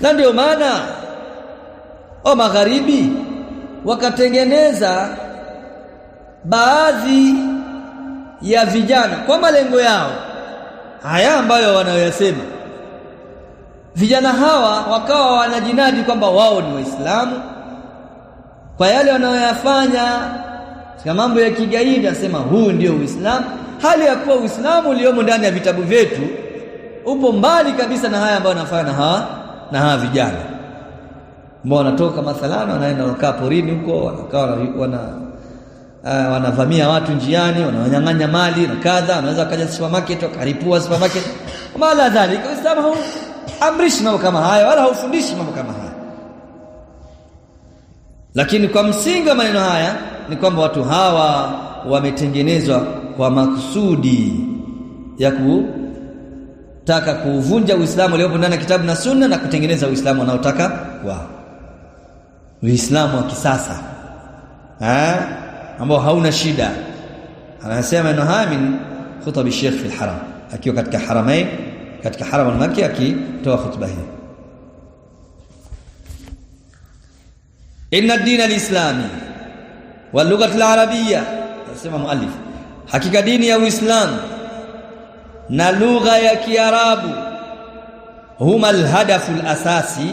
Na ndio maana wa magharibi wakatengeneza baadhi ya vijana kwa malengo yao haya ambayo wanayoyasema. Vijana hawa wakawa wanajinadi kwamba wao ni Waislamu kwa yale wanayoyafanya katika mambo ya kigaidi, asema huu ndio Uislamu, hali ya kuwa Uislamu uliomo ndani ya vitabu vyetu upo mbali kabisa na haya ambayo wanafanya na hawa na hawa vijana ambao wanatoka mathalani wanaenda wakaa porini huko, wanakaa wana uh, wanavamia watu njiani, wanawanyang'anya mali na kadha, wanaweza wakaja supermarket wakaripua supermarket mala dhalika. Uislamu hauamrishi mambo kama haya wala haufundishi mambo kama haya, lakini kwa msingi wa maneno haya ni kwamba watu hawa wametengenezwa kwa makusudi ya ku taka kuvunja Uislamu uliopo ndani ya kitabu na sunna na kutengeneza Uislamu wanaotaka wao, Uislamu wa kisasa eh? ambao hauna shida. Anasema nohamin khutba Sheikh fi lharam, akiwa katika haramain katika haram al-Makki akitoa khutba hii, inna ad-din al-islami wal lugha al-arabiyya. Anasema muallif, hakika dini ya Uislamu na lugha ya Kiarabu huma alhadafu alasasi,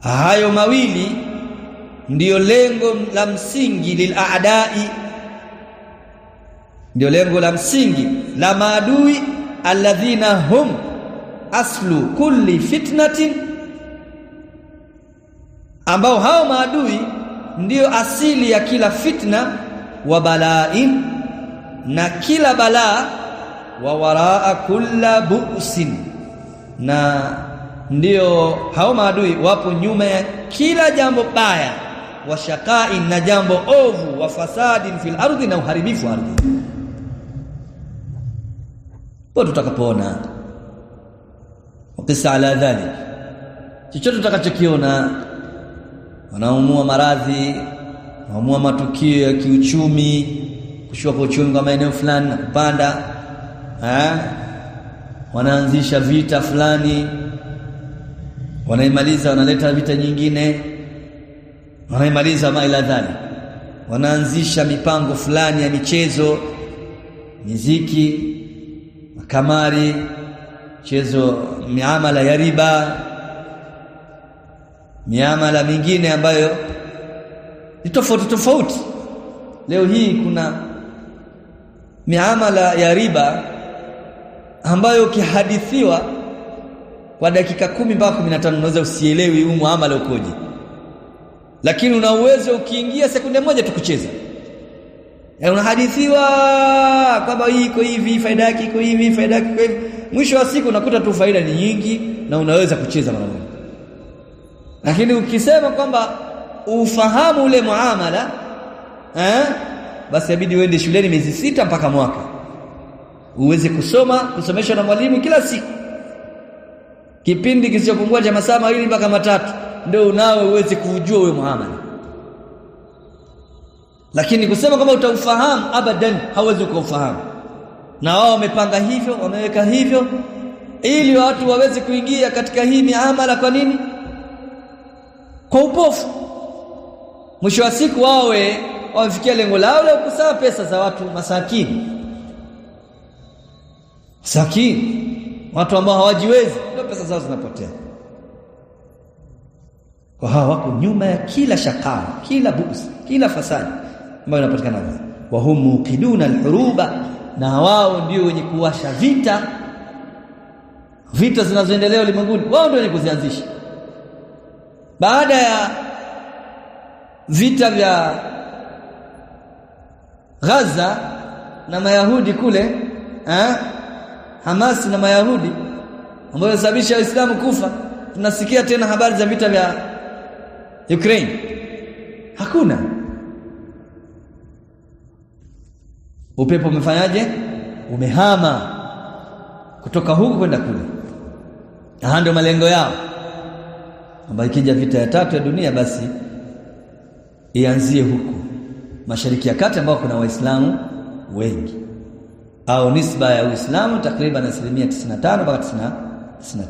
hayo mawili ndiyo lengo la msingi lilaadai, ndiyo lengo la msingi la maadui alladhina hum aslu kulli fitnatin, ambao hao maadui ndiyo asili ya kila fitna wa balain, na kila balaa wa waraa kulla bu'sin, na ndio hao maadui wapo nyuma ya kila jambo baya, wa shaqain, na jambo ovu, wa fasadin fil ardhi, na uharibifu ardhi. Po tutakapoona wakisa ala dhalik, chochote tutakachokiona, wanaumua maradhi, wanaumua matukio ya kiuchumi, kushuka kwa uchumi kwa maeneo fulani na kupanda eh, wanaanzisha vita fulani, wanaimaliza wanaleta vita nyingine, wanaimaliza maila dhali, wanaanzisha mipango fulani ya michezo, miziki, makamari, chezo, miamala ya riba, miamala mingine ambayo ni tofauti tofauti. Leo hii kuna miamala ya riba ambayo ukihadithiwa kwa dakika kumi mpaka kumi na tano unaweza usielewi huu muamala ukoje, lakini una uwezo ukiingia sekunde moja tu kucheza. Eh, unahadithiwa kwamba hii iko hivi, faida yake iko hivi, faida yake iko hivi, mwisho wa siku unakuta tu faida ni nyingi na unaweza kucheza mara moja. Lakini ukisema kwamba ufahamu ule muamala eh, basi abidi uende shuleni miezi sita mpaka mwaka uweze kusoma kusomeshwa na mwalimu kila siku, kipindi kisichopungua cha masaa mawili mpaka matatu, ndio unao uweze kujua wewe Muhammad. Lakini kusema kama utaufahamu, abadan, hauwezi ukaufahamu. Na wao wamepanga hivyo, wameweka hivyo ili watu waweze kuingia katika hii miamala. Kwa nini? Kwa upofu. Mwisho wa siku wawe wamefikia lengo lao la kusaa pesa za watu masakini Sakini, watu ambao hawajiwezi ndio pesa zao zinapotea, kwa hawa wako nyuma ya kila shakawa, kila busi, kila fasadi ambayo inapatikana wa Wahum muqiduna al-huruba na wao ndio wenye kuwasha vita, vita zinazoendelea ulimwenguni, wao ndio wenye kuzianzisha. Baada ya vita vya Gaza na Mayahudi kule eh? Hamasi na Mayahudi ambayo wasababisha Waislamu kufa. Tunasikia tena habari za vita vya Ukraine, hakuna upepo. Umefanyaje? Umehama kutoka huku kwenda kule. Haya ndio malengo yao, ambayo ikija vita ya tatu ya dunia, basi ianzie huku Mashariki ya Kati ambao kuna Waislamu wengi au nisba ya Uislamu takriban asilimia 95 mpaka 99.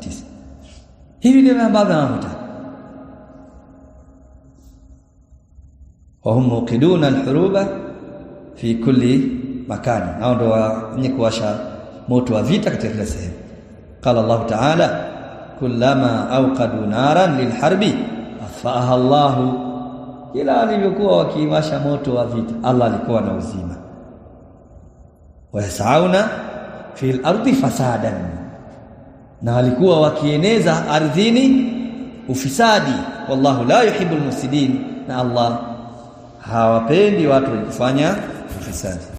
Hivi ndivyo ambavyo wanavuta wahum muqiduna al-huruba fi kulli makani, hao ndio wenye kuwasha moto wa vita katika kila sehemu. Qala Allah Ta'ala, kullama awqadu naran lilharbi afaha Allahu, kila alivyokuwa wakiwasha moto wa vita Allah alikuwa na uzima wayasauna fi ardi fasadan, na walikuwa wakieneza ardhini ufisadi. Wallahu la yuhibu mufsidin, na Allah hawapendi watu wenye kufanya ufisadi.